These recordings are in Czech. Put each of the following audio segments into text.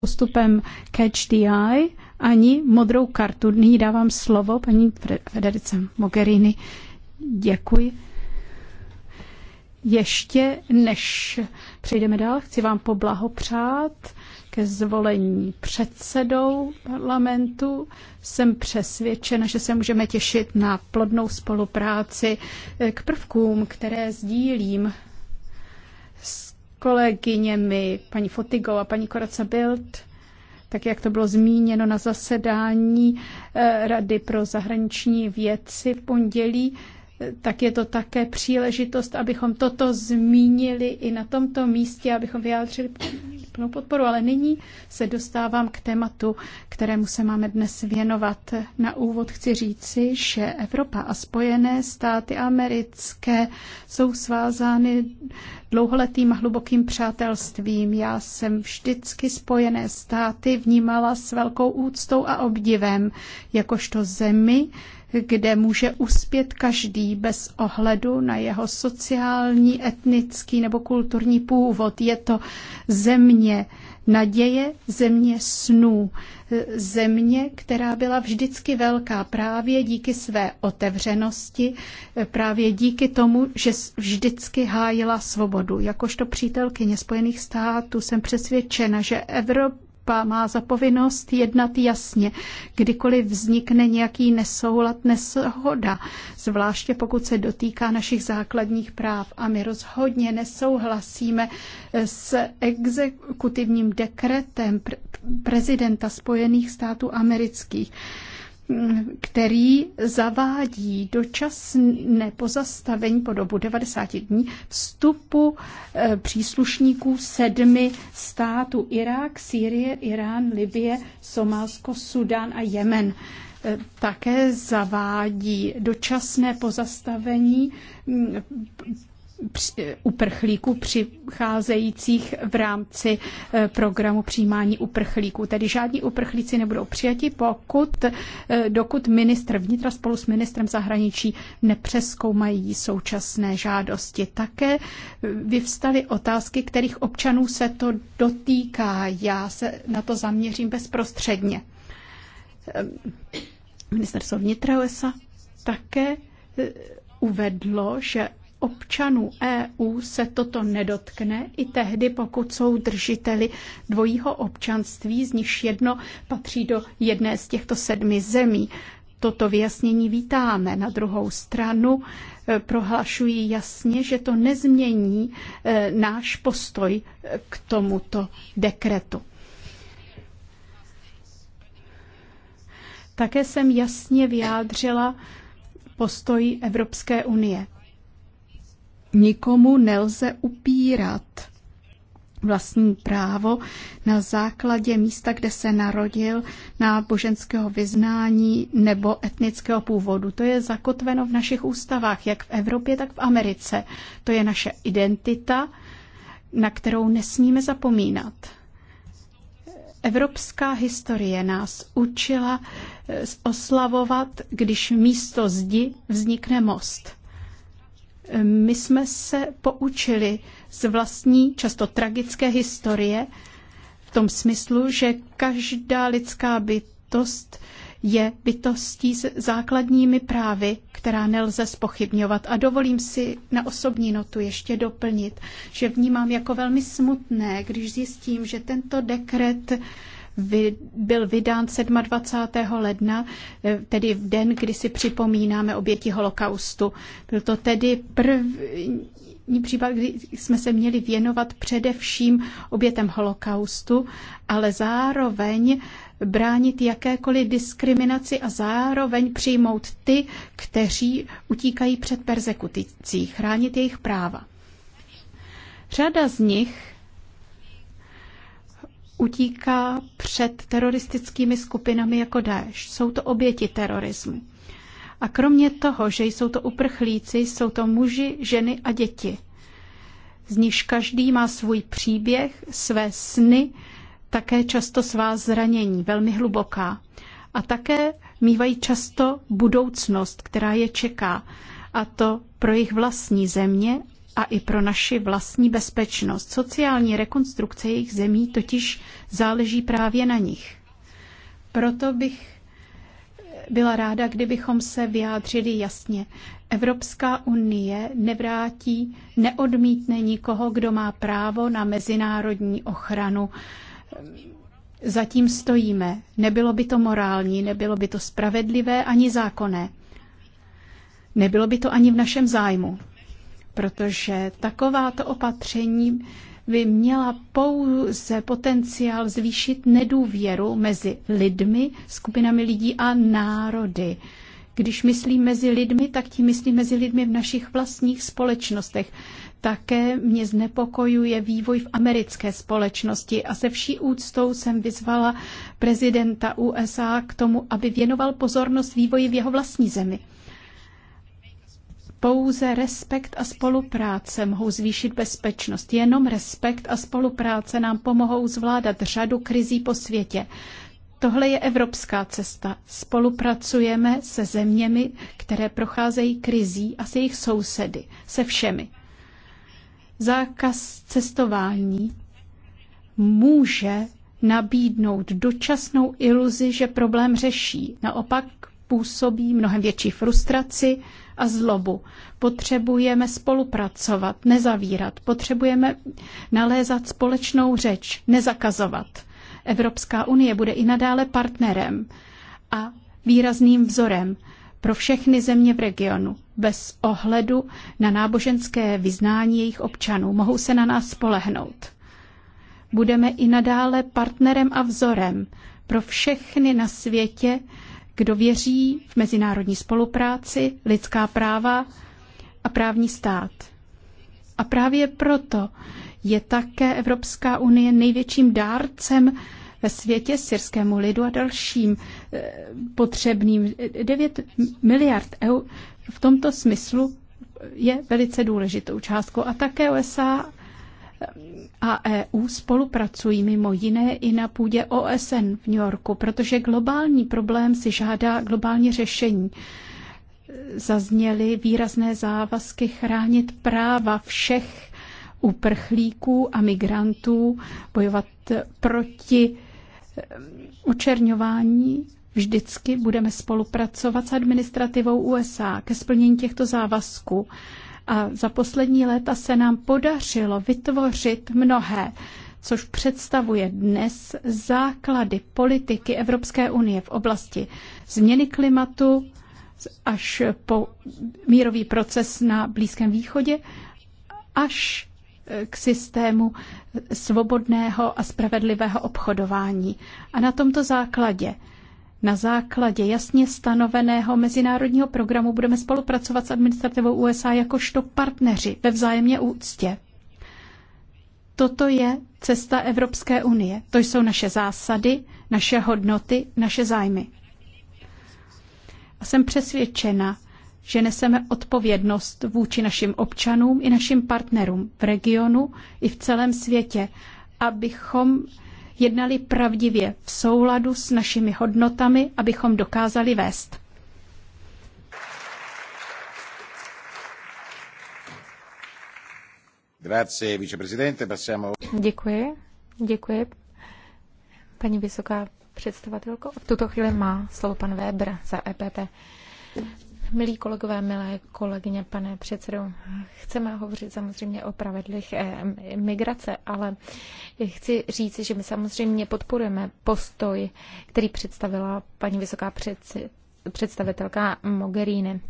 postupem Catch the Eye ani modrou kartu. Nyní dávám slovo paní Federice Mogherini. Děkuji. Ještě než přejdeme dál, chci vám poblahopřát ke zvolení předsedou parlamentu. Jsem přesvědčena, že se můžeme těšit na plodnou spolupráci k prvkům, které sdílím s kolegyněmi, paní Fotigou a paní Koraca Bild, tak jak to bylo zmíněno na zasedání eh, Rady pro zahraniční věci v pondělí, tak je to také příležitost, abychom toto zmínili i na tomto místě, abychom vyjádřili plnou podporu. Ale nyní se dostávám k tématu, kterému se máme dnes věnovat. Na úvod chci říci, že Evropa a Spojené státy americké jsou svázány dlouholetým a hlubokým přátelstvím. Já jsem vždycky Spojené státy vnímala s velkou úctou a obdivem, jakožto zemi, kde může uspět každý bez ohledu na jeho sociální, etnický nebo kulturní původ. Je to země naděje, země snů, země, která byla vždycky velká právě díky své otevřenosti, právě díky tomu, že vždycky hájila svobodu. Jakožto přítelkyně Spojených států jsem přesvědčena, že Evropa biskupa má za povinnost jednat jasně, kdykoliv vznikne nějaký nesoulad, neshoda, zvláště pokud se dotýká našich základních práv. A my rozhodně nesouhlasíme s exekutivním dekretem prezidenta Spojených států amerických který zavádí dočasné pozastavení po dobu 90 dní vstupu eh, příslušníků sedmi států Irák, Sýrie, Irán, Libie, Somálsko, Sudán a Jemen eh, také zavádí dočasné pozastavení mm, uprchlíků přicházejících v rámci eh, programu přijímání uprchlíků. Tedy žádní uprchlíci nebudou přijati, pokud, eh, dokud ministr vnitra spolu s ministrem zahraničí nepřeskoumají současné žádosti. Také eh, vyvstaly otázky, kterých občanů se to dotýká. Já se na to zaměřím bezprostředně. Ministerstvo vnitra USA také uvedlo, že občanů EU se toto nedotkne i tehdy, pokud jsou držiteli dvojího občanství, z nichž jedno patří do jedné z těchto sedmi zemí. Toto vyjasnění vítáme. Na druhou stranu e, prohlašuji jasně, že to nezmění e, náš postoj e, k tomuto dekretu. Také jsem jasně vyjádřila postoj Evropské unie nikomu nelze upírat vlastní právo na základě místa, kde se narodil, náboženského vyznání nebo etnického původu. To je zakotveno v našich ústavách, jak v Evropě, tak v Americe. To je naše identita, na kterou nesmíme zapomínat. Evropská historie nás učila eh, oslavovat, když místo zdi vznikne most. My jsme se poučili z vlastní, často tragické historie, v tom smyslu, že každá lidská bytost je bytostí s základními právy, která nelze spochybňovat. A dovolím si na osobní notu ještě doplnit, že vnímám jako velmi smutné, když zjistím, že tento dekret byl vydán 27. ledna, eh, tedy v den, kdy si připomínáme oběti holokaustu. Byl to tedy první případ, kdy jsme se měli věnovat především obětem holokaustu, ale zároveň bránit jakékoliv diskriminaci a zároveň přijmout ty, kteří utíkají před persekuticí, chránit jejich práva. Řada z nich utíká před teroristickými skupinami jako Daesh. Jsou to oběti terorismu. A kromě toho, že jsou to uprchlíci, jsou to muži, ženy a děti. Z nichž každý má svůj příběh, své sny, také často svá zranění, velmi hluboká. A také mývají často budoucnost, která je čeká, a to pro jejich vlastní země a i pro naši vlastní bezpečnost. Sociální rekonstrukce jejich zemí totiž záleží právě na nich. Proto bych byla ráda, kdybychom se vyjádřili jasně. Evropská unie nevrátí, neodmítne nikoho, kdo má právo na mezinárodní ochranu. Zatím stojíme. Nebylo by to morální, nebylo by to spravedlivé ani zákonné. Nebylo by to ani v našem zájmu protože takováto opatření by měla pouze potenciál zvýšit nedůvěru mezi lidmi, skupinami lidí a národy. Když myslím mezi lidmi, tak tím myslím mezi lidmi v našich vlastních společnostech. Také mě znepokojuje vývoj v americké společnosti a se vší úctou jsem vyzvala prezidenta USA k tomu, aby věnoval pozornost vývoji v jeho vlastní zemi. Pouze respekt a spolupráce mohou zvýšit bezpečnost. Jenom respekt a spolupráce nám pomohou zvládat řadu krizí po světě. Tohle je evropská cesta. Spolupracujeme se zeměmi, které procházejí krizí a se jejich sousedy, se všemi. Zákaz cestování může nabídnout dočasnou iluzi, že problém řeší. Naopak působí mnohem větší frustraci, a zlobu. Potřebujeme spolupracovat, nezavírat. Potřebujeme nalézat společnou řeč, nezakazovat. Evropská unie bude i nadále partnerem a výrazným vzorem pro všechny země v regionu, bez ohledu na náboženské vyznání jejich občanů. Mohou se na nás spolehnout. Budeme i nadále partnerem a vzorem pro všechny na světě, kdo věří v mezinárodní spolupráci, lidská práva a právní stát. A právě proto je také Evropská unie největším dárcem ve světě syrskému lidu a dalším eh, potřebným. 9 miliard eur v tomto smyslu je velice důležitou částkou. A také USA a EU spolupracují mimo jiné i na půdě OSN v New Yorku, protože globální problém si žádá globální řešení. Zazněly výrazné závazky chránit práva všech uprchlíků a migrantů, bojovat proti eh, očerňování Vždycky budeme spolupracovat s administrativou USA ke splnění těchto závazků. A za poslední léta se nám podařilo vytvořit mnohé, což představuje dnes základy politiky Evropské unie v oblasti změny klimatu až po mírový proces na Blízkém východě, až k systému svobodného a spravedlivého obchodování. A na tomto základě na základě jasně stanoveného mezinárodního programu budeme spolupracovat s administrativou USA jakožto partneři ve vzájemně úctě. Toto je cesta Evropské unie. To jsou naše zásady, naše hodnoty, naše zájmy. A jsem přesvědčena, že neseme odpovědnost vůči našim občanům i našim partnerům v regionu i v celém světě, abychom jednali pravdivě v souladu s našimi hodnotami, abychom dokázali vést. Děkuji, děkuji. Paní vysoká představitelko, v tuto chvíli má slovo pan Weber za EPP. Milí kolegové, milé kolegyně, pane předsedo, chceme hovořit samozřejmě o pravidlech eh, migrace, ale chci říct, že my samozřejmě podporujeme postoj, který představila paní vysoká předsed představitelka Mogherini.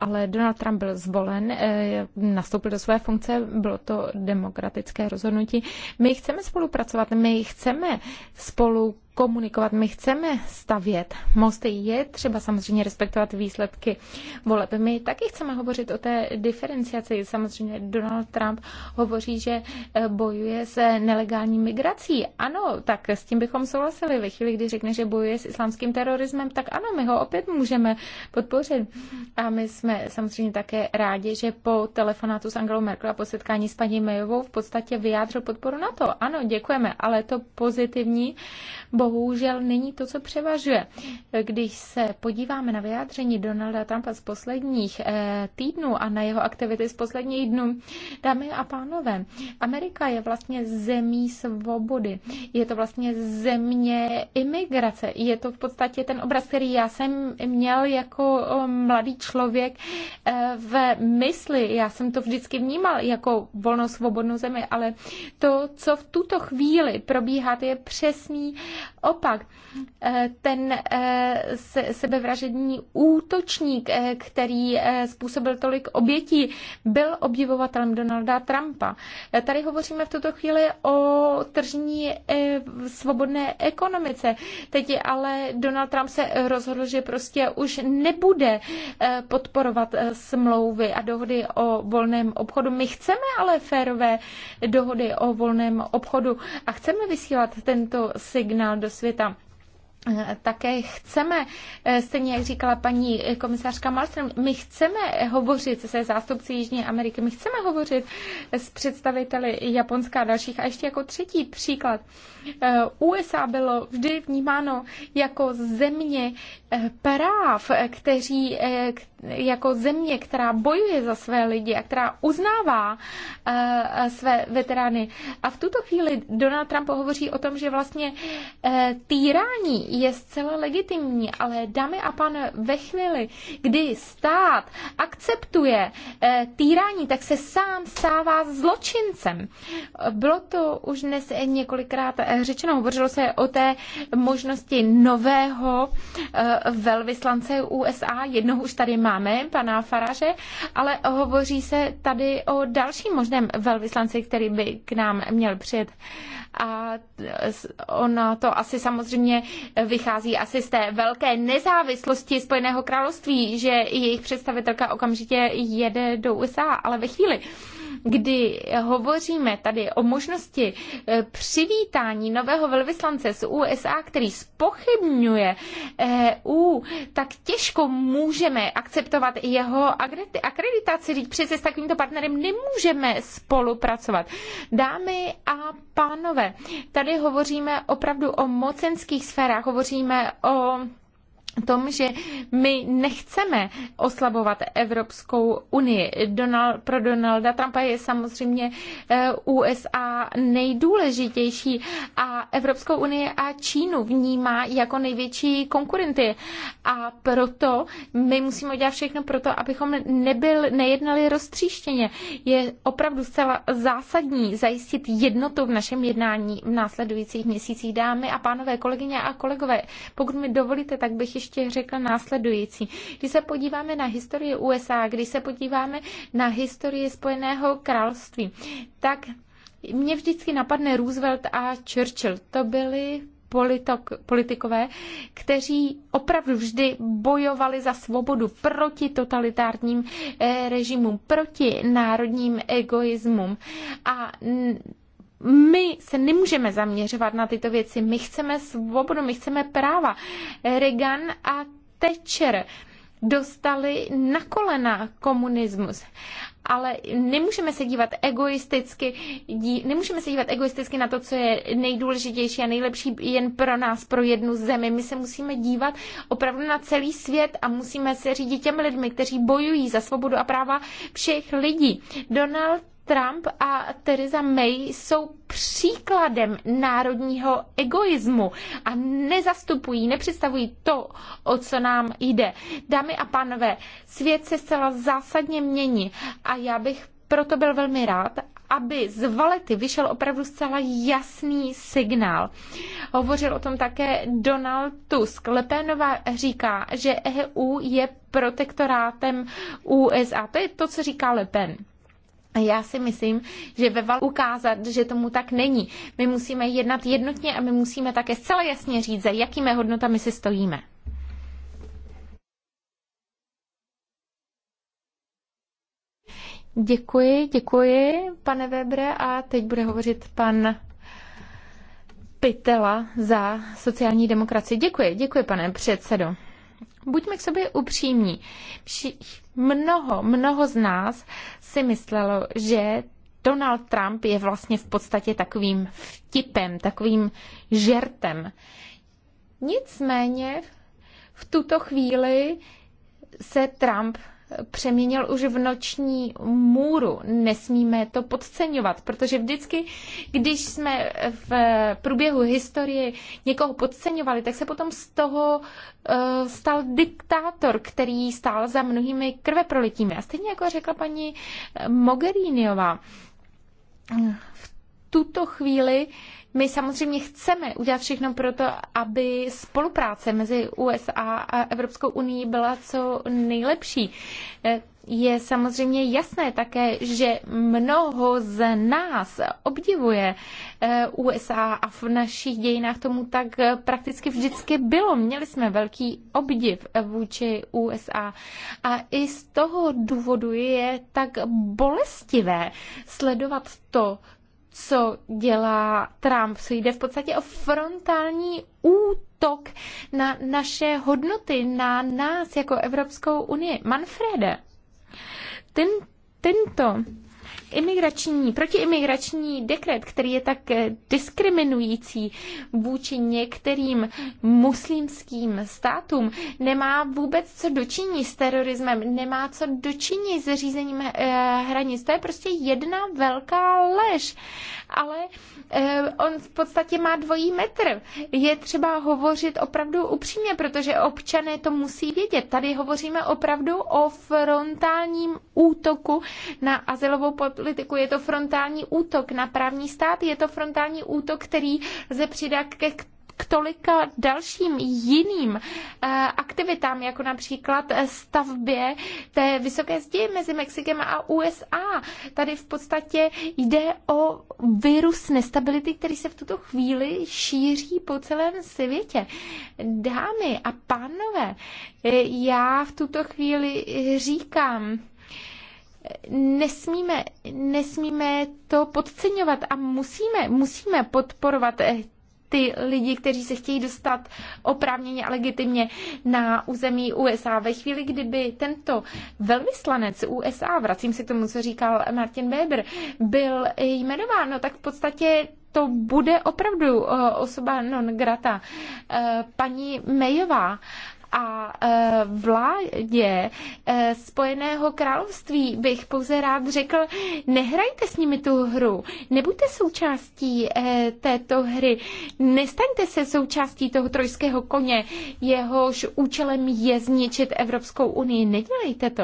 Ale Donald Trump byl zvolen, eh, nastoupil do své funkce, bylo to demokratické rozhodnutí. My chceme spolupracovat, my chceme spolu komunikovat. My chceme stavět mosty. Je třeba samozřejmě respektovat výsledky voleb. My taky chceme hovořit o té diferenciaci. Samozřejmě Donald Trump hovoří, že eh, bojuje se nelegální migrací. Ano, tak s tím bychom souhlasili. Ve chvíli, kdy řekne, že bojuje s islámským terorismem, tak ano, my ho opět můžeme podpořit. A my jsme samozřejmě také rádi, že po telefonátu s Angelou Merkel a po setkání s paní Mayovou v podstatě vyjádřil podporu na to. Ano, děkujeme, ale to pozitivní bohužel není to, co převažuje. Když se podíváme na vyjádření Donalda Trumpa z posledních eh, týdnů a na jeho aktivity z posledních dnů, dámy a pánové, Amerika je vlastně zemí svobody. Je to vlastně země imigrace. Je to v podstatě ten obraz, který já jsem měl jako mladý člověk eh, v mysli. Já jsem to vždycky vnímal jako volnou svobodnou zemi, ale to, co v tuto chvíli probíhá, je přesný opak. Eh, ten eh, sebevražední útočník, eh, který způsobil tolik obětí, byl obdivovatelem Donalda Trumpa. Tady hovoříme v tuto chvíli o tržní svobodné ekonomice. Teď ale Donald Trump se rozhodl, že prostě už nebude podporovat smlouvy a dohody o volném obchodu. My chceme ale férové dohody o volném obchodu a chceme vysílat tento signál do světa eh, také chceme, eh, stejně jak říkala paní eh, komisářka Malström, my chceme hovořit se zástupci Jižní Ameriky, my chceme hovořit s představiteli Japonska a dalších. A ještě jako třetí příklad. USA bylo vždy vnímáno jako země, práv, eh, kteří eh, jako země, která bojuje za své lidi a která uznává eh, své veterány. A v tuto chvíli Donald Trump hovoří o tom, že vlastně týrání je zcela legitimní, ale dámy a pan, ve chvíli, kdy stát akceptuje týrání, tak se sám stává zločincem. Bylo to už dnes několikrát řečeno, hovořilo se o té možnosti nového velvyslance USA. Jednoho už tady máme, pana Faraže, ale hovoří se tady o dalším možném velvyslanci, který by k nám měl přijet. A ono to asi samozřejmě vychází asi z té velké nezávislosti Spojeného království, že jejich představitelka okamžitě jede do USA, ale ve chvíli, kdy hovoříme tady o možnosti eh, přivítání nového velvyslance z USA, který spochybňuje EU, tak těžko můžeme akceptovat jeho akreditaci. Říct přece s takovýmto partnerem nemůžeme spolupracovat. Dámy a pánové, tady hovoříme opravdu o mocenských sférách, hovoříme o tom, že my nechceme oslabovat Evropskou unii. Donald, pro Donalda Trumpa je samozřejmě eh, USA nejdůležitější a Evropskou unii a Čínu vnímá jako největší konkurenty. A proto my musíme udělat všechno pro to, abychom nebyl, nejednali roztříštěně. Je opravdu zcela zásadní zajistit jednotu v našem jednání v následujících měsících. Dámy a pánové, kolegyně a kolegové, pokud mi dovolíte, tak bych ještě ještě řekla následující. Když se podíváme na historii USA, když se podíváme na historii Spojeného království, tak mě vždycky napadne Roosevelt a Churchill. To byli politok, politikové, kteří opravdu vždy bojovali za svobodu proti totalitárním eh, režimům, proti národním egoismům. A my se nemůžeme zaměřovat na tyto věci. My chceme svobodu, my chceme práva. Reagan a Thatcher dostali na kolena komunismus. Ale nemůžeme se dívat egoisticky, dí, nemůžeme se dívat egoisticky na to, co je nejdůležitější a nejlepší jen pro nás, pro jednu zemi. My se musíme dívat opravdu na celý svět a musíme se řídit těmi lidmi, kteří bojují za svobodu a práva všech lidí. Donald Trump a Theresa May jsou příkladem národního egoismu a nezastupují, nepředstavují to, o co nám jde. Dámy a pánové, svět se zcela zásadně mění a já bych proto byl velmi rád, aby z Valety vyšel opravdu zcela jasný signál. Hovořil o tom také Donald Tusk. Lepénová říká, že EU je protektorátem USA. To je to, co říká Lepen. A já si myslím, že ve Val ukázat, že tomu tak není. My musíme jednat jednotně a my musíme také zcela jasně říct, za jakými hodnotami si stojíme. Děkuji, děkuji, pane Webre. A teď bude hovořit pan Pitela za sociální demokracii. Děkuji, děkuji, pane předsedo buďme k sobě upřímní. Mnoho, mnoho z nás si myslelo, že Donald Trump je vlastně v podstatě takovým vtipem, takovým žertem. Nicméně v tuto chvíli se Trump přeměnil už v noční můru. Nesmíme to podceňovat, protože vždycky, když jsme v průběhu historie někoho podceňovali, tak se potom z toho uh, stal diktátor, který stál za mnohými krveprolitími. A stejně jako řekla paní Mogheriniová, v tuto chvíli my samozřejmě chceme udělat všechno pro to, aby spolupráce mezi USA a Evropskou unii byla co nejlepší. E, je samozřejmě jasné také, že mnoho z nás obdivuje e, USA a v našich dějinách tomu tak prakticky vždycky bylo. Měli jsme velký obdiv vůči USA a i z toho důvodu je tak bolestivé sledovat to, co dělá Trump. Co jde v podstatě o frontální útok na naše hodnoty, na nás jako Evropskou unii. Manfrede, ten, tento imigrační, protiimigrační dekret, který je tak eh, diskriminující vůči některým muslimským státům, nemá vůbec co dočiní s terorismem, nemá co dočiní s řízením eh, hranic. To je prostě jedna velká lež. Ale eh, on v podstatě má dvojí metr. Je třeba hovořit opravdu upřímně, protože občané to musí vědět. Tady hovoříme opravdu o frontálním útoku na azylovou politiku, je to frontální útok na právní stát, je to frontální útok, který se přidá ke k tolika dalším jiným eh, aktivitám, jako například eh, stavbě té vysoké zdi mezi Mexikem a USA. Tady v podstatě jde o virus nestability, který se v tuto chvíli šíří po celém světě. Dámy a pánové, eh, já v tuto chvíli říkám, nesmíme, nesmíme to podceňovat a musíme, musíme podporovat eh, ty lidi, kteří se chtějí dostat oprávněně a legitimně na území USA. Ve chvíli, kdyby tento velvyslanec USA, vracím se k tomu, co říkal Martin Weber, byl jmenován, no tak v podstatě to bude opravdu eh, osoba non grata. Eh, paní Mejová a e, vládě e, Spojeného království bych pouze rád řekl, nehrajte s nimi tu hru, nebuďte součástí e, této hry, nestaňte se součástí toho trojského koně, jehož účelem je zničit Evropskou unii, nedělejte to.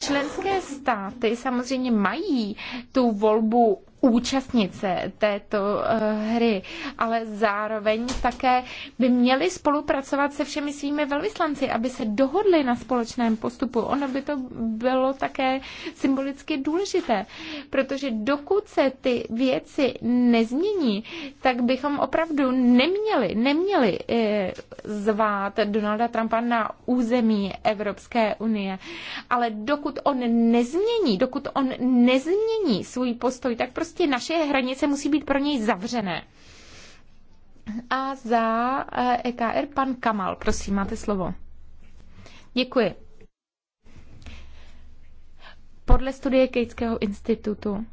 Členské státy samozřejmě mají tu volbu účastnit se této eh, hry, ale zároveň také by měli spolupracovat se všemi svými velvyslanci, aby se dohodli na společném postupu. Ono by to bylo také symbolicky důležité, protože dokud se ty věci nezmění, tak bychom opravdu neměli, neměli eh, zvát Donalda Trumpa na území Evropské unie. Ale dokud on nezmění, dokud on nezmění svůj postoj, tak prostě Prostě naše hranice musí být pro něj zavřené. A za EKR eh, e pan Kamal, prosím, máte slovo. Děkuji. Podle studie Kejtského institutu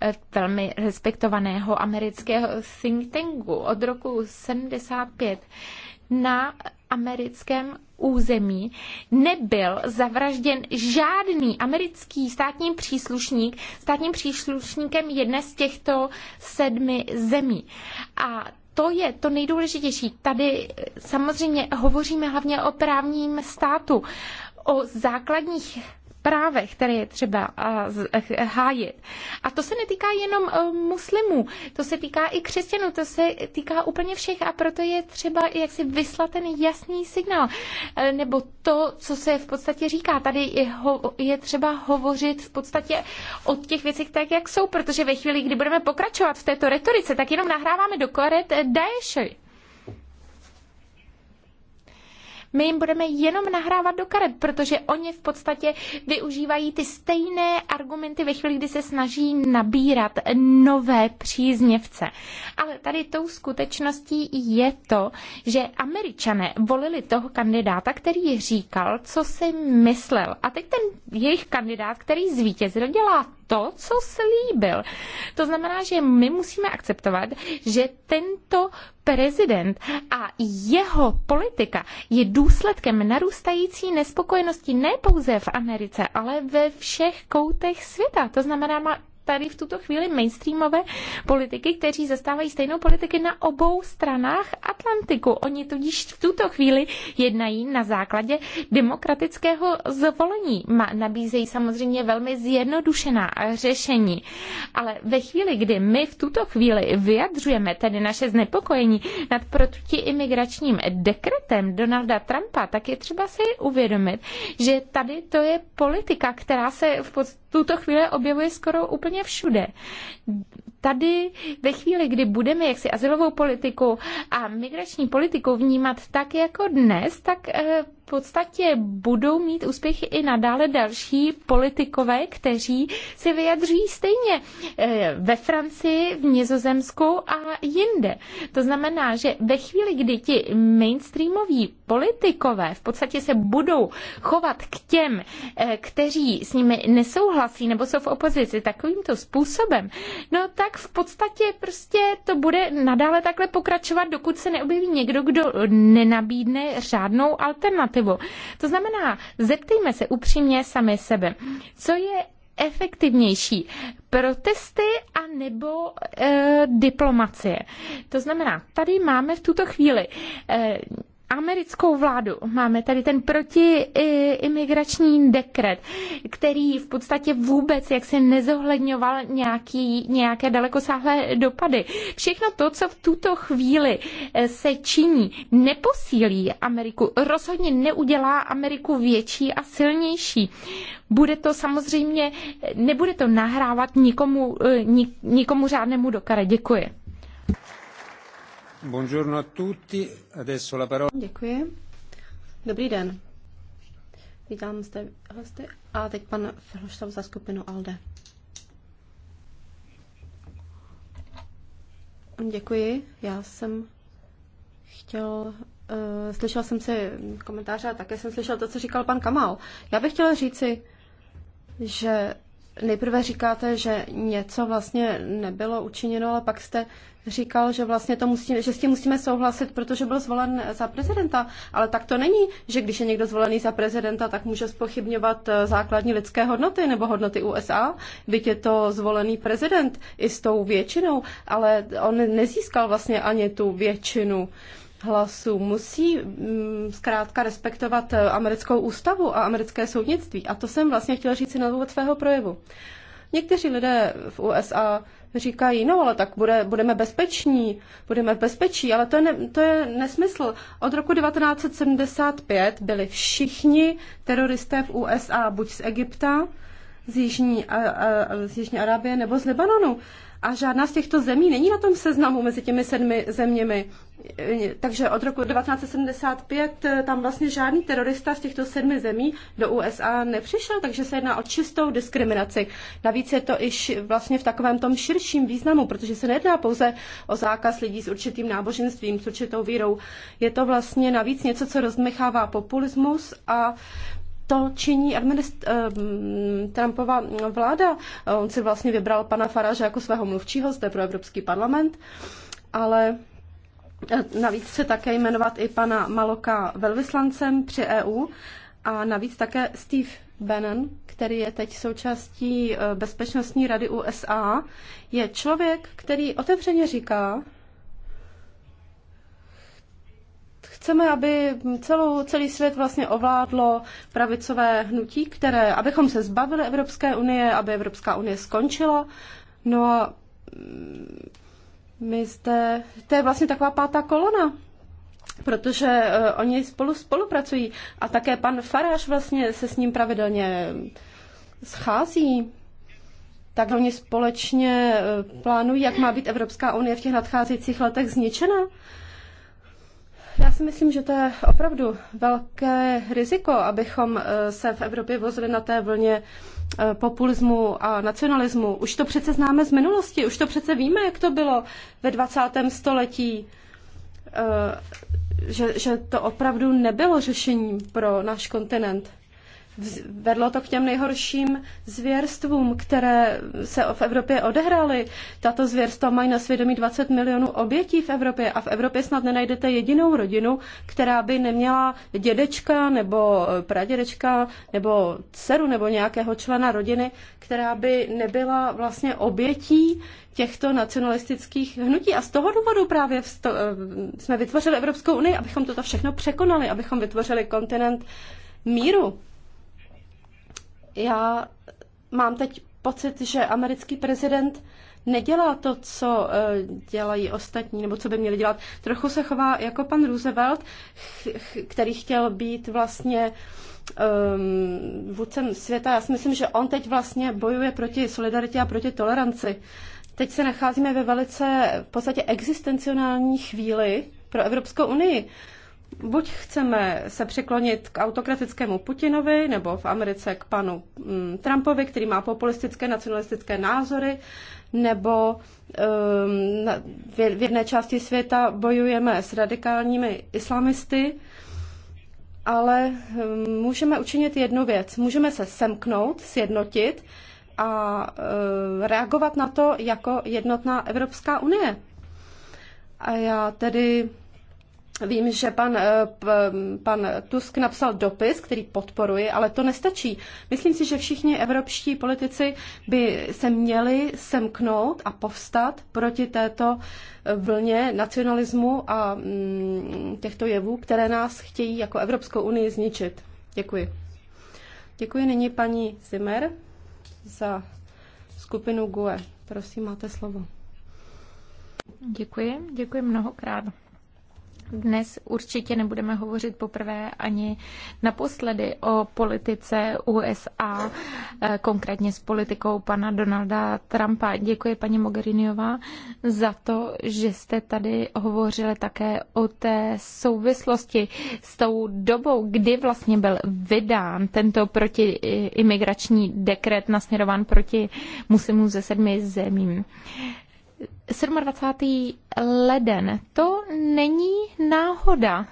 eh, velmi respektovaného amerického think tanku od roku 75 na americkém území nebyl zavražděn žádný americký státní příslušník státním příslušníkem jedné z těchto sedmi zemí. A to je to nejdůležitější. Tady eh, samozřejmě hovoříme hlavně o právním státu, o základních právech, které je třeba eh, hájit. A to se netýká jenom eh, muslimů, to se týká i křesťanů, to se týká úplně všech a proto je třeba jaksi vyslat ten jasný signál. Eh, nebo to, co se v podstatě říká, tady je, ho, je třeba hovořit v podstatě o těch věcech tak, jak jsou, protože ve chvíli, kdy budeme pokračovat v této retorice, tak jenom nahráváme do koret Daeši. my jim budeme jenom nahrávat do karet, protože oni v podstatě využívají ty stejné argumenty ve chvíli, kdy se snaží nabírat nové příznivce. Ale tady tou skutečností je to, že američané volili toho kandidáta, který říkal, co si myslel. A teď ten jejich kandidát, který zvítězil, dělá to, co slíbil. To znamená, že my musíme akceptovat, že tento prezident a jeho politika je důsledkem narůstající nespokojenosti ne pouze v Americe, ale ve všech koutech světa. To znamená, tady v tuto chvíli mainstreamové politiky, kteří zastávají stejnou politiky na obou stranách Atlantiku. Oni tudíž v tuto chvíli jednají na základě demokratického zvolení. Ma, nabízejí samozřejmě velmi zjednodušená řešení. Ale ve chvíli, kdy my v tuto chvíli vyjadřujeme tedy naše znepokojení nad protiimigračním dekretem Donalda Trumpa, tak je třeba si uvědomit, že tady to je politika, která se v podstatě tuto chvíli objevuje skoro úplně všude. Tady ve chvíli, kdy budeme jaksi asilovou politiku a migrační politiku vnímat tak jako dnes, tak eh, podstatě budou mít úspěchy i nadále další politikové, kteří se vyjadřují stejně eh, ve Francii, v Nizozemsku a jinde. To znamená, že ve chvíli, kdy ti mainstreamoví politikové v podstatě se budou chovat k těm, eh, kteří s nimi nesouhlasí nebo jsou v opozici takovýmto způsobem, no tak v podstatě prostě to bude nadále takhle pokračovat, dokud se neobjeví někdo, kdo nenabídne řádnou alternativu alternativu. To znamená, zeptejme se upřímně sami sebe, co je efektivnější protesty a nebo e, eh, diplomacie. To znamená, tady máme v tuto chvíli e, americkou vládu. Máme tady ten protiimigrační dekret, který v podstatě vůbec jaksi nezohledňoval nějaký, nějaké dalekosáhlé dopady. Všechno to, co v tuto chvíli eh, se činí, neposílí Ameriku, rozhodně neudělá Ameriku větší a silnější. Bude to samozřejmě, eh, nebude to nahrávat nikomu, eh, nikomu řádnému do kare. Děkuji. Děkuji. Dobrý den. Vítám zde hosty a teď pan Filoštov za skupinu ALDE. Děkuji. Já jsem chtěl uh, slyšel jsem si komentáře a také jsem slyšel to, co říkal pan Kamal. Já bych chtěla říci, že nejprve říkáte, že něco vlastně nebylo učiněno, ale pak jste říkal, že vlastně to musíme, že s tím musíme souhlasit, protože byl zvolen za prezidenta. Ale tak to není, že když je někdo zvolený za prezidenta, tak může spochybňovat eh, základní lidské hodnoty nebo hodnoty USA. Byť je to zvolený prezident i s tou většinou, ale on nezískal vlastně ani tu většinu hlasů. Musí mm, zkrátka respektovat eh, americkou ústavu a americké soudnictví. A to jsem vlastně chtěla říct na úvod svého projevu. Někteří lidé v USA říkají, no ale tak bude, budeme bezpeční, budeme v bezpečí, ale to je, ne, to je nesmysl. Od roku 1975 byli všichni teroristé v USA buď z Egypta, z Jižní, a, a, z Jižní Arábie nebo z Libanonu a žádná z těchto zemí není na tom seznamu mezi těmi sedmi zeměmi. Takže od roku 1975 eh, tam vlastně žádný terorista z těchto sedmi zemí do USA nepřišel, takže se jedná o čistou diskriminaci. Navíc je to i vlastně v takovém tom širším významu, protože se nejedná pouze o zákaz lidí s určitým náboženstvím, s určitou vírou. Je to vlastně navíc něco, co rozmechává populismus a to činí administ- eh, mm, Trumpova vláda. On si vlastně vybral pana Faraže jako svého mluvčího zde pro Evropský parlament, ale eh, navíc se také jmenovat i pana Maloka velvyslancem při EU a navíc také Steve Bannon, který je teď součástí eh, Bezpečnostní rady USA, je člověk, který otevřeně říká, Chceme, aby celou, celý svět vlastně ovládlo pravicové hnutí, které, abychom se zbavili Evropské unie, aby Evropská unie skončila. No a mm, my zde, to je vlastně taková pátá kolona, protože uh, oni spolu spolupracují a také pan Faráš vlastně se s ním pravidelně mm, schází. Tak oni společně eh, plánují, jak má být Evropská unie v těch nadcházejících letech zničena. Já si myslím, že to je opravdu velké riziko, abychom eh, se v Evropě vozili na té vlně eh, populismu a nacionalismu. Už to přece známe z minulosti, už to přece víme, jak to bylo ve 20. století, eh, že, že to opravdu nebylo řešení pro náš kontinent vedlo to k těm nejhorším zvěrstvům, které se v Evropě odehrály. Tato zvěrstva mají na svědomí 20 milionů obětí v Evropě a v Evropě snad nenajdete jedinou rodinu, která by neměla dědečka nebo pradědečka nebo dceru nebo nějakého člena rodiny, která by nebyla vlastně obětí těchto nacionalistických hnutí. A z toho důvodu právě vsto- eh, jsme vytvořili Evropskou unii, abychom toto všechno překonali, abychom vytvořili kontinent míru já mám teď pocit, že americký prezident nedělá to, co eh, dělají ostatní, nebo co by měli dělat. Trochu se chová jako pan Roosevelt, který chtěl být vlastně um, vůdcem světa. Já si myslím, že on teď vlastně bojuje proti solidaritě a proti toleranci. Teď se nacházíme ve velice v podstatě existencionální chvíli pro Evropskou unii buď chceme se překlonit k autokratickému Putinovi, nebo v Americe k panu mm, Trumpovi, který má populistické nacionalistické názory, nebo mm, v jedné části světa bojujeme s radikálními islamisty, ale mm, můžeme učinit jednu věc. Můžeme se semknout, sjednotit a reagovat na to jako jednotná Evropská unie. A já tedy Vím, že pan, eh, pan Tusk napsal dopis, který podporuji, ale to nestačí. Myslím si, že všichni evropští politici by se měli semknout a povstat proti této eh, vlně nacionalismu a mm, těchto jevů, které nás chtějí jako Evropskou unii zničit. Děkuji. Děkuji nyní paní Zimmer za skupinu GUE. Prosím, máte slovo. Děkuji, děkuji mnohokrát. Dnes určitě nebudeme hovořit poprvé ani naposledy o politice USA, eh, konkrétně s politikou pana Donalda Trumpa. Děkuji paní Mogheriniová za to, že jste tady hovořili také o té souvislosti s tou dobou, kdy vlastně byl vydán tento protiimigrační dekret nasměrován proti muslimům ze sedmi zemím. 27. leden. To není náhoda,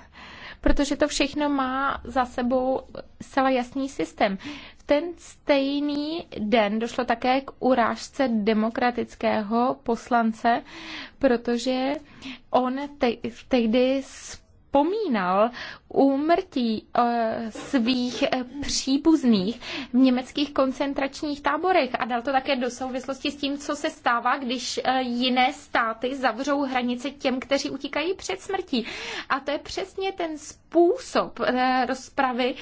protože to všechno má za sebou zcela jasný systém. V ten stejný den došlo také k urážce demokratického poslance, protože on te- tehdy vzpomínal úmrtí eh, svých eh, příbuzných v německých koncentračních táborech a dal to také do souvislosti s tím, co se stává, když eh, jiné státy zavřou hranice těm, kteří utíkají před smrtí. A to je přesně ten způsob rozpravy,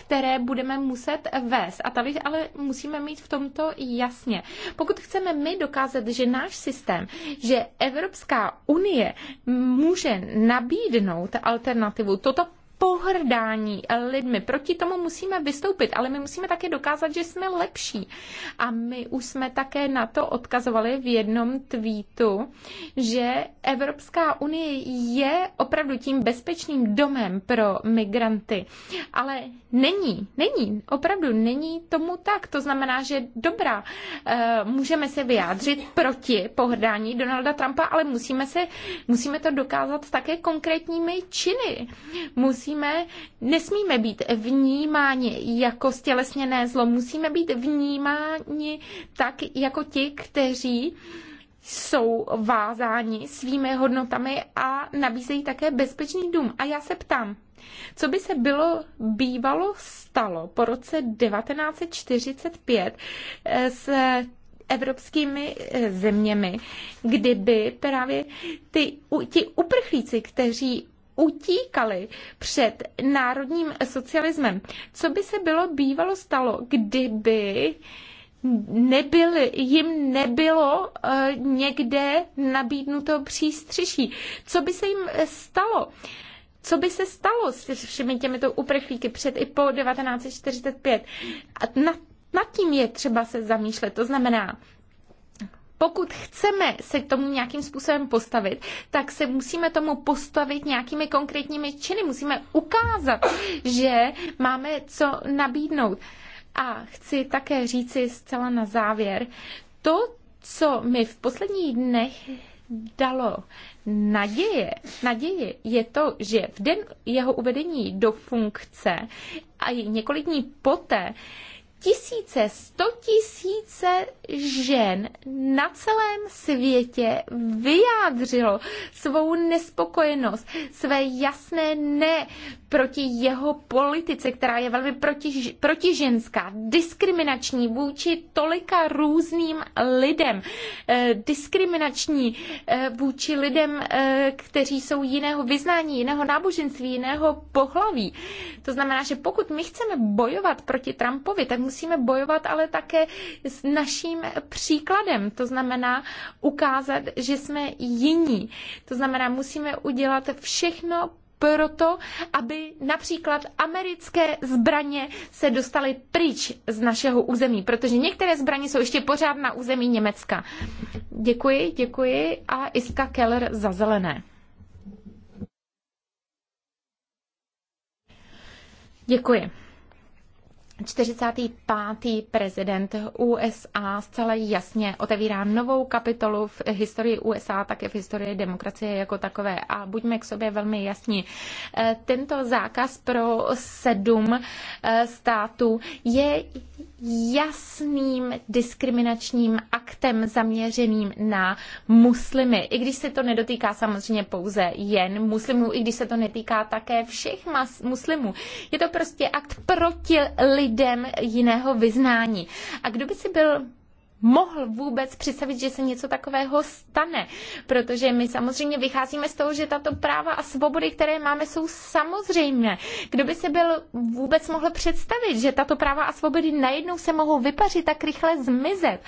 které budeme muset vést. A tady ale musíme mít v tomto jasně. Pokud chceme my dokázat, že náš systém, že Evropská unie může nabídnout alternativu, toto pohrdání lidmi. Proti tomu musíme vystoupit, ale my musíme také dokázat, že jsme lepší. A my už jsme také na to odkazovali v jednom tweetu, že Evropská unie je opravdu tím bezpečným domem pro migranty. Ale není, není, opravdu není tomu tak. To znamená, že dobrá, eh, můžeme se vyjádřit proti pohrdání Donalda Trumpa, ale musíme, se, musíme to dokázat také konkrétními činy. Musí musíme, nesmíme být vnímáni jako stělesněné zlo, musíme být vnímáni tak jako ti, kteří jsou vázáni svými hodnotami a nabízejí také bezpečný dům. A já se ptám, co by se bylo bývalo stalo po roce 1945 eh, s evropskými eh, zeměmi, kdyby právě ty, ti uprchlíci, kteří utíkali před národním socialismem. Co by se bylo bývalo stalo, kdyby nebyli jim nebylo uh, někde nabídnuto přístřeší. Co by se jim stalo? Co by se stalo s všemi těmito uprchlíky před i po 1945? A nad, nad tím je třeba se zamýšlet. To znamená, pokud chceme se k tomu nějakým způsobem postavit, tak se musíme tomu postavit nějakými konkrétními činy. Musíme ukázat, že máme co nabídnout. A chci také říci zcela na závěr, to, co mi v posledních dnech dalo naděje, naděje je to, že v den jeho uvedení do funkce a několik dní poté tisíce, sto tisíce žen na celém světě vyjádřilo svou nespokojenost, své jasné ne proti jeho politice, která je velmi proti, protiženská, diskriminační vůči tolika různým lidem, eh, diskriminační eh, vůči lidem, eh, kteří jsou jiného vyznání, jiného náboženství, jiného pohlaví. To znamená, že pokud my chceme bojovat proti Trumpovi, tak musíme bojovat, ale také s naším příkladem. To znamená ukázat, že jsme jiní. To znamená, musíme udělat všechno proto, aby například americké zbraně se dostaly pryč z našeho území, protože některé zbraně jsou ještě pořád na území Německa. Děkuji, děkuji a Iska Keller za zelené. Děkuji. 45. prezident USA zcela jasně otevírá novou kapitolu v historii USA, také v historii demokracie jako takové. A buďme k sobě velmi jasní. E, tento zákaz pro sedm e, států je jasným diskriminačním aktem zaměřeným na muslimy. I když se to nedotýká samozřejmě pouze jen muslimů, i když se to netýká také všech mas- muslimů. Je to prostě akt proti lidem jiného vyznání. A kdo by si byl mohl vůbec představit, že se něco takového stane. Protože my samozřejmě vycházíme z toho, že tato práva a svobody, které máme, jsou samozřejmé. Kdo by se byl vůbec mohl představit, že tato práva a svobody najednou se mohou vypařit tak rychle zmizet.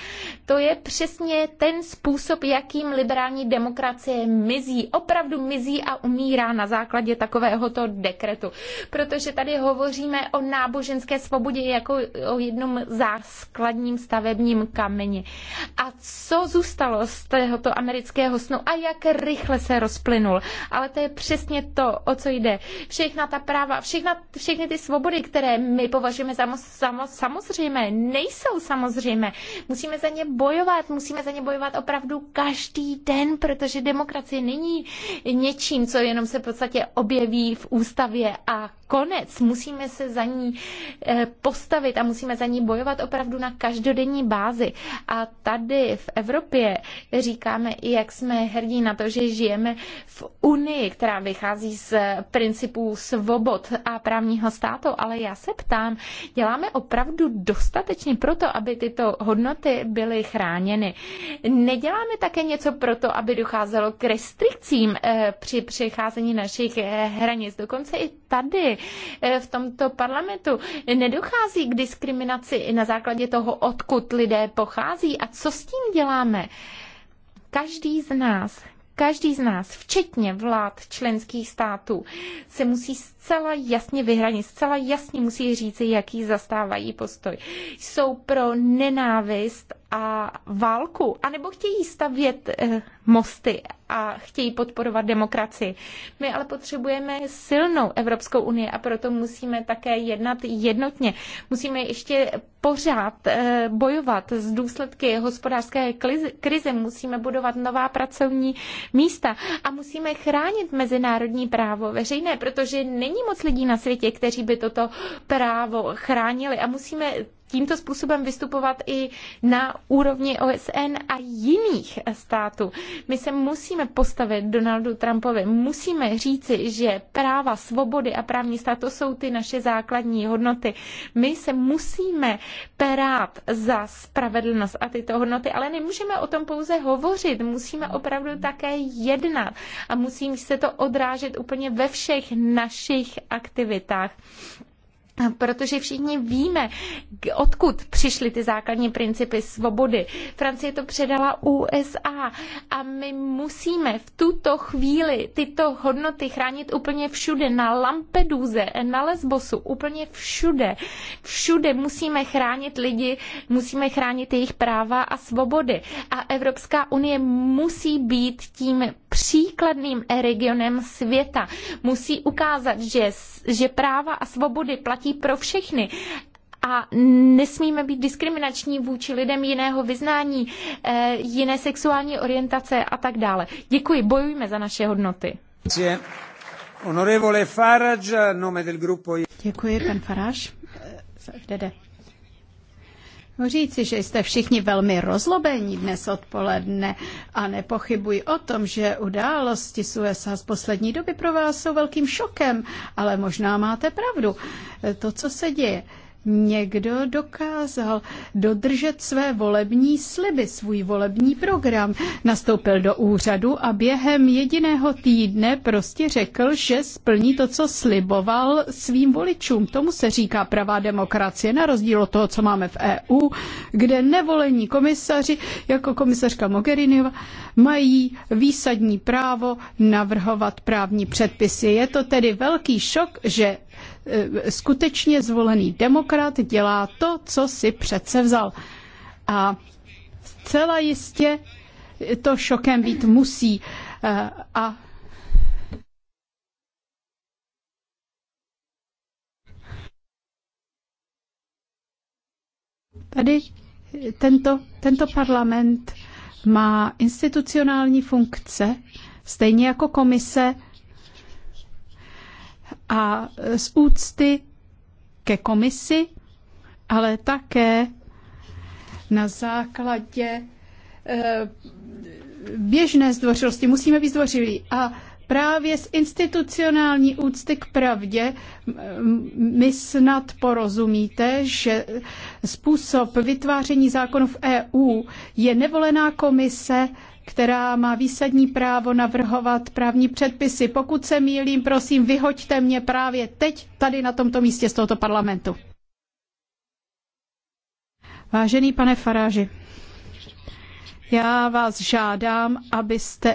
To je přesně ten způsob, jakým liberální demokracie mizí. Opravdu mizí a umírá na základě takovéhoto dekretu. Protože tady hovoříme o náboženské svobodě jako o jednom základním stavebním kamenu není. A co zůstalo z tohoto amerického snu a jak rychle se rozplynul. Ale to je přesně to, o co jde. Všechna ta práva, všechna, všechny ty svobody, které my považujeme za samo, samozřejmé, nejsou samozřejmé. Musíme za ně bojovat, musíme za ně bojovat opravdu každý den, protože demokracie není něčím, co jenom se v podstatě objeví v ústavě a konec. Musíme se za ní eh, postavit a musíme za ní bojovat opravdu na každodenní bázi. A tady v Evropě říkáme, jak jsme hrdí na to, že žijeme v Unii, která vychází z principů svobod a právního státu, ale já se ptám, děláme opravdu dostatečně proto, aby tyto hodnoty byly chráněny. Neděláme také něco proto, aby docházelo k restrikcím eh, při přecházení našich eh, hranic. Dokonce i tady eh, v tomto parlamentu nedochází k diskriminaci na základě toho, odkud lidé pocházejí schází a co s tím děláme. Každý z nás, každý z nás, včetně vlád členských států, se musí zcela jasně vyhranit, zcela jasně musí říci, jaký zastávají postoj. Jsou pro nenávist a válku, anebo chtějí stavět eh, mosty a chtějí podporovat demokracii. My ale potřebujeme silnou Evropskou unii a proto musíme také jednat jednotně. Musíme ještě pořád eh, bojovat s důsledky hospodářské krize, musíme budovat nová pracovní místa a musíme chránit mezinárodní právo veřejné, protože není moc lidí na světě, kteří by toto právo chránili a musíme tímto způsobem vystupovat i na úrovni OSN a jiných států. My se musíme postavit Donaldu Trumpovi, musíme říci, že práva, svobody a právní stát to jsou ty naše základní hodnoty. My se musíme perát za spravedlnost a tyto hodnoty, ale nemůžeme o tom pouze hovořit, musíme opravdu také jednat a musí se to odrážet úplně ve všech našich aktivitách. Protože všichni víme, odkud přišly ty základní principy svobody. Francie to předala USA a my musíme v tuto chvíli tyto hodnoty chránit úplně všude. Na Lampeduze, na Lesbosu, úplně všude. Všude musíme chránit lidi, musíme chránit jejich práva a svobody. A Evropská unie musí být tím příkladným regionem světa. Musí ukázat, že, že práva a svobody platí pro všechny a nesmíme být diskriminační vůči lidem jiného vyznání, eh, jiné sexuální orientace a tak dále. Děkuji, bojujme za naše hodnoty. Děkuji, pan Farage. Eh, říci, že jste všichni velmi rozlobení dnes odpoledne a nepochybuji o tom, že události z USA z poslední doby pro vás jsou velkým šokem, ale možná máte pravdu. To, co se děje, někdo dokázal dodržet své volební sliby, svůj volební program. Nastoupil do úřadu a během jediného týdne prostě řekl, že splní to, co sliboval svým voličům. Tomu se říká pravá demokracie, na rozdíl od toho, co máme v EU, kde nevolení komisaři, jako komisařka Mogheriniova, mají výsadní právo navrhovat právní předpisy. Je to tedy velký šok, že Eh, skutečně zvolený demokrat dělá to, co si přece vzal. A zcela jistě to šokem být musí. Eh, a tady tento, tento parlament má institucionální funkce, stejně jako komise a z úcty ke komisi, ale také na základě eh, běžné zdvořilosti. Musíme být zdvořilí. A právě z institucionální úcty k pravdě my snad porozumíte, že způsob vytváření zákonů v EU je nevolená komise která má výsadní právo navrhovat právní předpisy. Pokud se mýlím, prosím, vyhoďte mě právě teď tady na tomto místě z tohoto parlamentu. Vážený pane Faráži, já vás žádám, abyste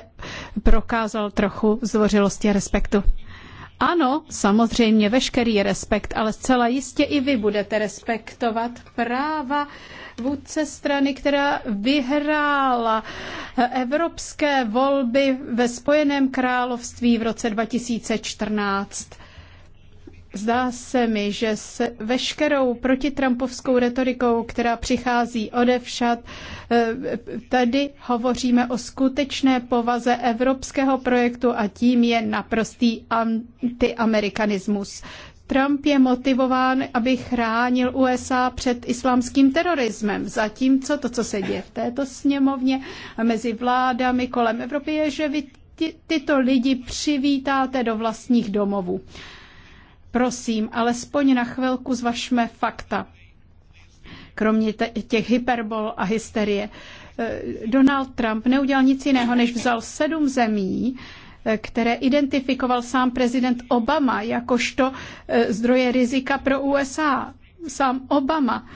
prokázal trochu zdvořilosti a respektu. Ano, samozřejmě veškerý respekt, ale zcela jistě i vy budete respektovat práva vůdce strany, která vyhrála evropské volby ve Spojeném království v roce 2014. Zdá se mi, že se veškerou protitrampovskou retorikou, která přichází odevšat, eh, tady hovoříme o skutečné povaze evropského projektu a tím je naprostý antiamerikanismus. Trump je motivován, aby chránil USA před islámským terorismem, zatímco to, co se děje v této sněmovně a mezi vládami kolem Evropy, je, že vy ty, tyto lidi přivítáte do vlastních domovů. Prosím, alespoň na chvilku zvažme fakta. Kromě těch hyperbol a hysterie. Eh, Donald Trump neudělal nic jiného, než vzal sedm zemí, eh, které identifikoval sám prezident Obama jakožto eh, zdroje rizika pro USA. Sám Obama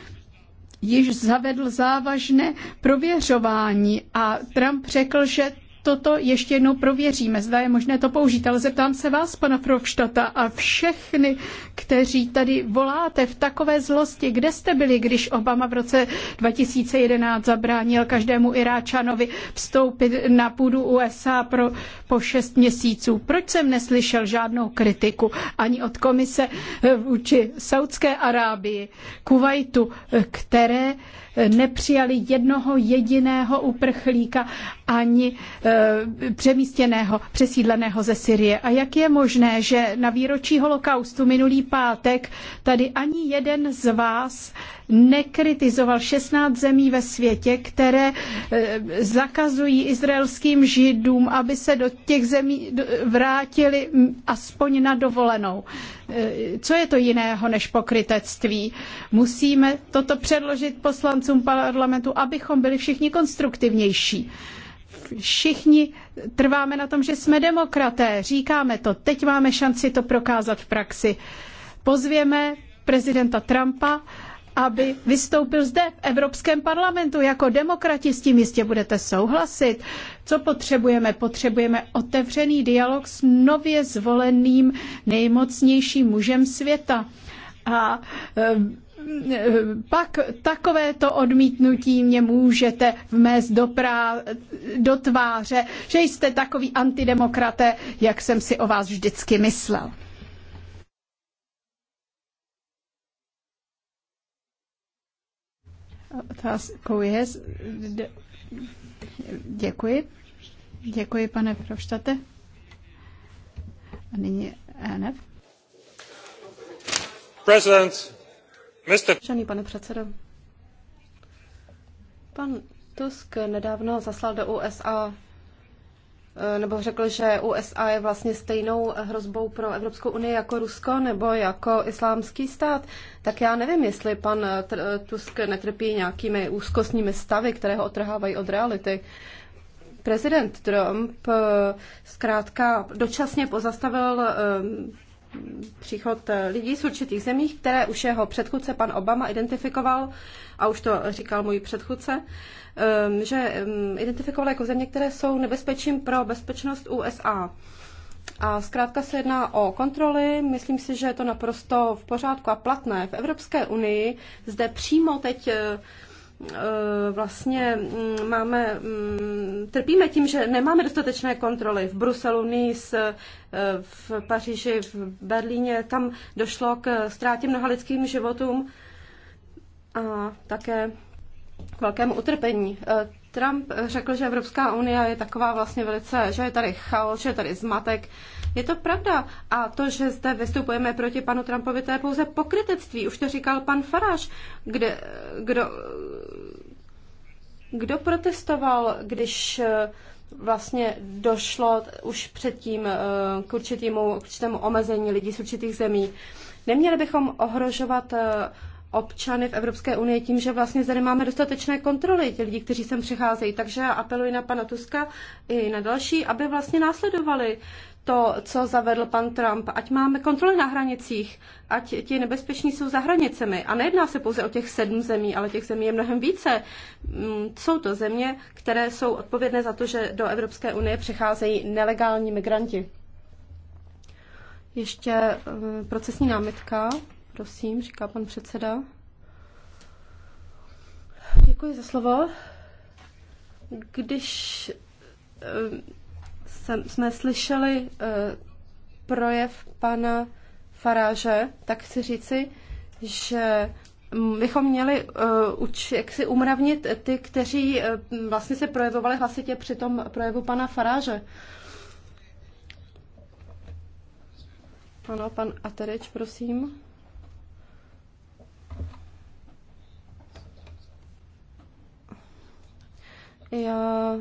již zavedl závažné prověřování a Trump řekl, že toto ještě jednou prověříme, zda je možné to použít. Ale zeptám se vás, pana Provštata, a všechny, kteří tady voláte v takové zlosti, kde jste byli, když Obama v roce 2011 zabránil každému Iráčanovi vstoupit na půdu USA pro, po šest měsíců. Proč jsem neslyšel žádnou kritiku ani od komise vůči Saudské Arábii, Kuwaitu, které nepřijali jednoho jediného uprchlíka ani e, přemístěného, přesídleného ze Syrie. A jak je možné, že na výročí holokaustu minulý pátek tady ani jeden z vás nekritizoval 16 zemí ve světě, které eh, zakazují izraelským židům, aby se do těch zemí vrátili aspoň na dovolenou. Eh, co je to jiného než pokrytectví? Musíme toto předložit poslancům parlamentu, abychom byli všichni konstruktivnější všichni trváme na tom, že jsme demokraté, říkáme to, teď máme šanci to prokázat v praxi. Pozvěme prezidenta Trumpa, aby vystoupil zde v Evropském parlamentu. Jako demokrati s tím jistě budete souhlasit. Co potřebujeme? Potřebujeme otevřený dialog s nově zvoleným nejmocnějším mužem světa. A eh, pak takovéto odmítnutí mě můžete vmést do, prá, do tváře, že jste takový antidemokraté, jak jsem si o vás vždycky myslel. otázkou je, děkuji, děkuji pane Proštate. A nyní ANF. E President, Mr. Žaný pane předsedo, pan Tusk nedávno zaslal do USA Eh, nebo řekl, že USA je vlastně stejnou hrozbou pro Evropskou unii jako Rusko nebo jako islámský stát, tak já nevím, jestli pan eh, eh, Tusk netrpí nějakými úzkostními stavy, které ho otrhávají od reality. Prezident Trump zkrátka dočasně pozastavil příchod eh, lidí z určitých zemí, které už jeho předchůdce pan Obama identifikoval, a už to říkal můj předchůdce, ehm, že ehm, identifikoval jako země, které jsou nebezpečím pro bezpečnost USA. A zkrátka se jedná o kontroly. Myslím si, že je to naprosto v pořádku a platné. V Evropské unii zde přímo teď eh, Eh, vlastně mm, máme, mm, trpíme tím, že nemáme dostatečné kontroly v Bruselu, Nice, eh, v Paříži, v Berlíně. Tam došlo k ztrátě mnoha lidským životům a také k velkému utrpení. Eh, Trump řekl, že Evropská unie je taková vlastně velice, že je tady chaos, že je tady zmatek. Je to pravda. A to, že zde vystupujeme proti panu Trumpovi, to je pouze pokrytectví. Už to říkal pan Faráš, kde, kdo, kdo protestoval, když eh, vlastně došlo už předtím eh, k, určitému, k určitému omezení lidí z určitých zemí? Neměli bychom ohrožovat eh, občany v Evropské unii tím, že vlastně zde nemáme dostatečné kontroly těch lidí, kteří sem přicházejí. Takže apeluji na pana Tuska i na další, aby vlastně následovali to, co zavedl pan Trump, ať máme kontroly na hranicích, ať ti nebezpeční jsou za hranicemi. A nejedná se pouze o těch sedm zemí, ale těch zemí je mnohem více. Mm, jsou to země, které jsou odpovědné za to, že do Evropské unie přicházejí nelegální migranti. Ještě eh, procesní námitka, prosím, říká pan předseda. Děkuji za slovo. Když eh, jsem, jsme slyšeli eh, projev pana Faráže, tak chci říci, že bychom měli uh, uč, jak si umravnit ty, kteří uh, vlastně se projevovali hlasitě při tom projevu pana Faráže. Ano, pan Atereč, prosím. Já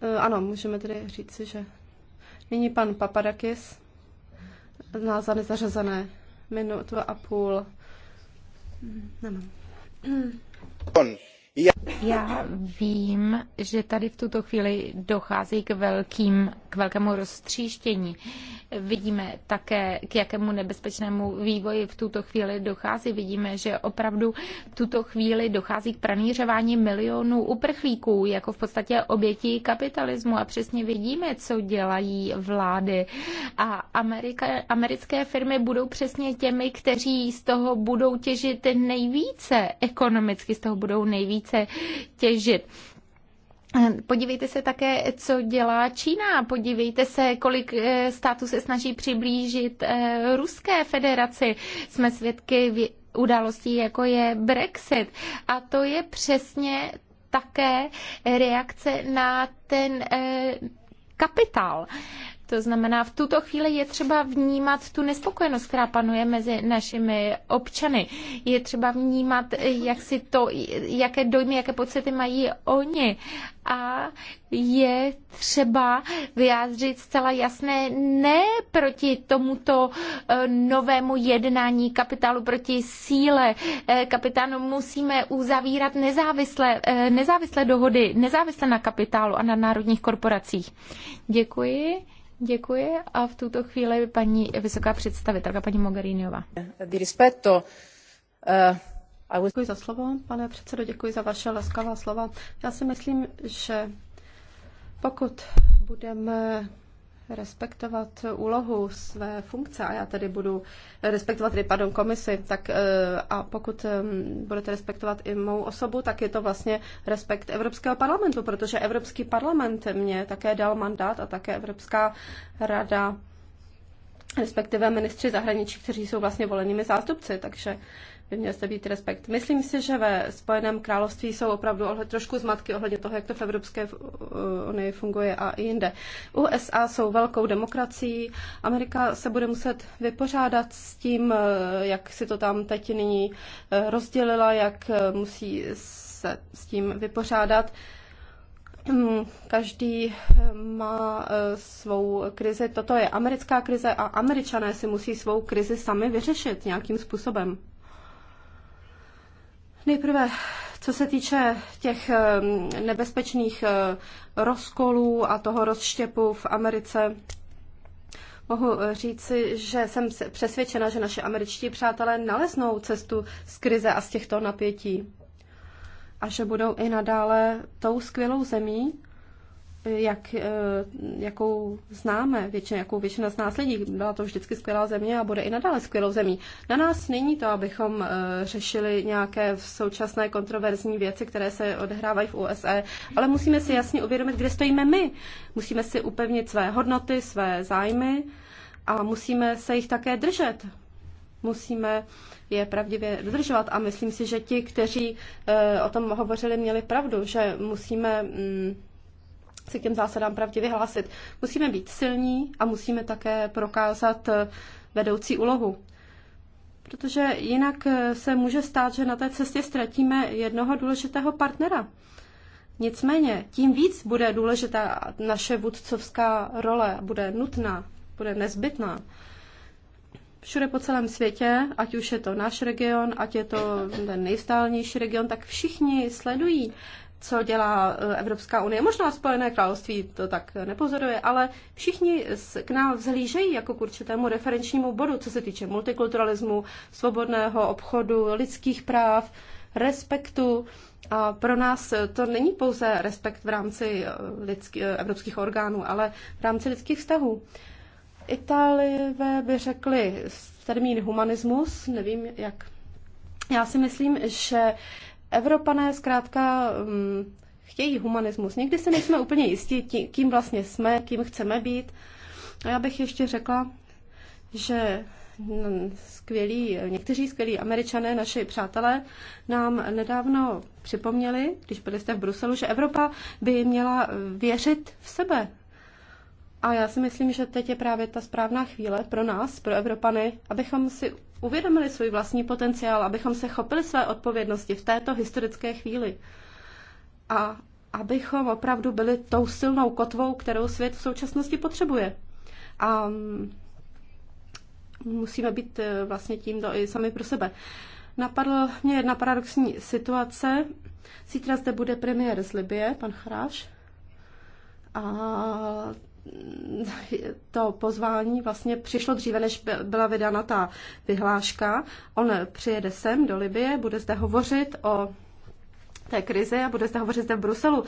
Eh, ano, můžeme tedy říci, že nyní pan Papadakis zná za nezařazené minutu a půl. Nemám. Já vím, že tady v tuto chvíli dochází k, velkým, k velkému roztříštění. Vidíme také, k jakému nebezpečnému vývoji v tuto chvíli dochází. Vidíme, že opravdu v tuto chvíli dochází k pranířování milionů uprchlíků, jako v podstatě obětí kapitalismu. A přesně vidíme, co dělají vlády. A Amerika, americké firmy budou přesně těmi, kteří z toho budou těžit nejvíce ekonomicky, z toho budou nejvíce více těžit. Podívejte se také, co dělá Čína. Podívejte se, kolik eh, států se snaží přiblížit eh, Ruské federaci. Jsme svědky událostí, jako je Brexit. A to je přesně také reakce na ten eh, kapitál. To znamená, v tuto chvíli je třeba vnímat tu nespokojenost, která panuje mezi našimi občany. Je třeba vnímat, jak si to, jaké dojmy, jaké pocity mají oni. A je třeba vyjádřit zcela jasné ne proti tomuto eh, novému jednání kapitálu, proti síle eh, kapitánu Musíme uzavírat nezávislé, eh, nezávislé dohody, nezávislé na kapitálu a na národních korporacích. Děkuji. Děkuji a v tuto chvíli paní vysoká představitelka, paní Mogheriniová. Eh, děkuji za slovo, pane předsedo, děkuji za vaše laskavá slova. Já si myslím, že pokud budeme respektovat úlohu své funkce a já tady budu respektovat, tedy, pardon, komisi, tak eh, a pokud ehm, budete respektovat i mou osobu, tak je to vlastně respekt Evropského parlamentu, protože Evropský parlament mě také dal mandát a také Evropská rada, respektive ministři zahraničí, kteří jsou vlastně volenými zástupci, takže by měl se být respekt. Myslím si, že ve Spojeném království jsou opravdu ohled, trošku zmatky ohledně toho, jak to v Evropské eh, unii funguje a i jinde. USA jsou velkou demokracií, Amerika se bude muset vypořádat s tím, eh, jak si to tam teď nyní eh, rozdělila, jak musí se s tím vypořádat. Hmm, každý má svou krizi. Toto je americká krize a američané si musí svou krizi sami vyřešit nějakým způsobem. Nejprve, co se týče těch ehm, nebezpečných eh, rozkolů a toho rozštěpu v Americe, mohu eh, říci, že jsem přesvědčena, že naše američtí přátelé naleznou cestu z krize a z těchto napětí a že budou i nadále tou skvělou zemí, jak, eh, jakou známe, většina, jakou většina z nás lidí. Byla to vždycky skvělá země a bude i nadále skvělou zemí. Na nás není to, abychom eh, řešili nějaké současné kontroverzní věci, které se odehrávají v USA, ale musíme si jasně uvědomit, kde stojíme my. Musíme si upevnit své hodnoty, své zájmy a musíme se jich také držet. Musíme je pravdivě dodržovat a myslím si, že ti, kteří eh, o tom hovořili, měli pravdu, že musíme mm, se těm zásadám pravdě vyhlásit. Musíme být silní a musíme také prokázat eh, vedoucí úlohu. Protože jinak eh, se může stát, že na té cestě ztratíme jednoho důležitého partnera. Nicméně, tím víc bude důležitá naše vůdcovská role, bude nutná, bude nezbytná. Všude po celém světě, ať už je to náš region, ať je to ten nejvzdálnější region, tak všichni sledují, co dělá eh, Evropská unie. Možná Spojené království to tak nepozoruje, ale všichni k nám vzhlížejí jako k určitému referenčnímu bodu, co se týče multikulturalismu, svobodného obchodu, lidských práv, respektu. A pro nás to není pouze respekt v rámci eh, lidský, eh, evropských orgánů, ale v rámci lidských vztahů. Italové by řekli termín humanismus, nevím jak. Já si myslím, že Evropané zkrátka mm, chtějí humanismus. Někdy se nejsme úplně jistí, kým vlastně jsme, kým chceme být. A já bych ještě řekla, že skvělí, někteří skvělí američané, naši přátelé, nám nedávno připomněli, když byli jste v Bruselu, že Evropa by měla věřit v sebe, a já si myslím, že teď je právě ta správná chvíle pro nás, pro Evropany, abychom si uvědomili svůj vlastní potenciál, abychom se chopili své odpovědnosti v této historické chvíli. A abychom opravdu byli tou silnou kotvou, kterou svět v současnosti potřebuje. A mm, musíme být e, vlastně tímto i sami pro sebe. Napadla mě jedna paradoxní situace. Zítra zde bude premiér z Libie, pan Chráš. A to pozvání vlastně přišlo dříve, než byla vydána ta vyhláška. On přijede sem do Libie, bude zde hovořit o té krizi a bude zde hovořit zde v Bruselu.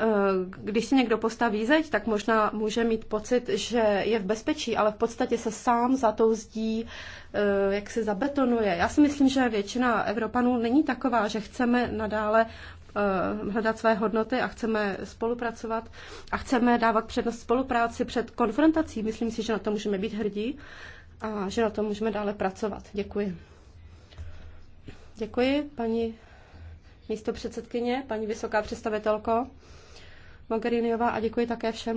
Eh, když si někdo postaví zeď, tak možná může mít pocit, že je v bezpečí, ale v podstatě se sám za tou zdí, eh, jak se zabetonuje. Já si myslím, že většina Evropanů není taková, že chceme nadále Eh, hledat své hodnoty a chceme spolupracovat a chceme dávat přednost spolupráci před konfrontací. Myslím si, že na to můžeme být hrdí a že na to můžeme dále pracovat. Děkuji. Děkuji, paní místo předsedkyně, paní vysoká představitelko Mogheriniová a děkuji také všem.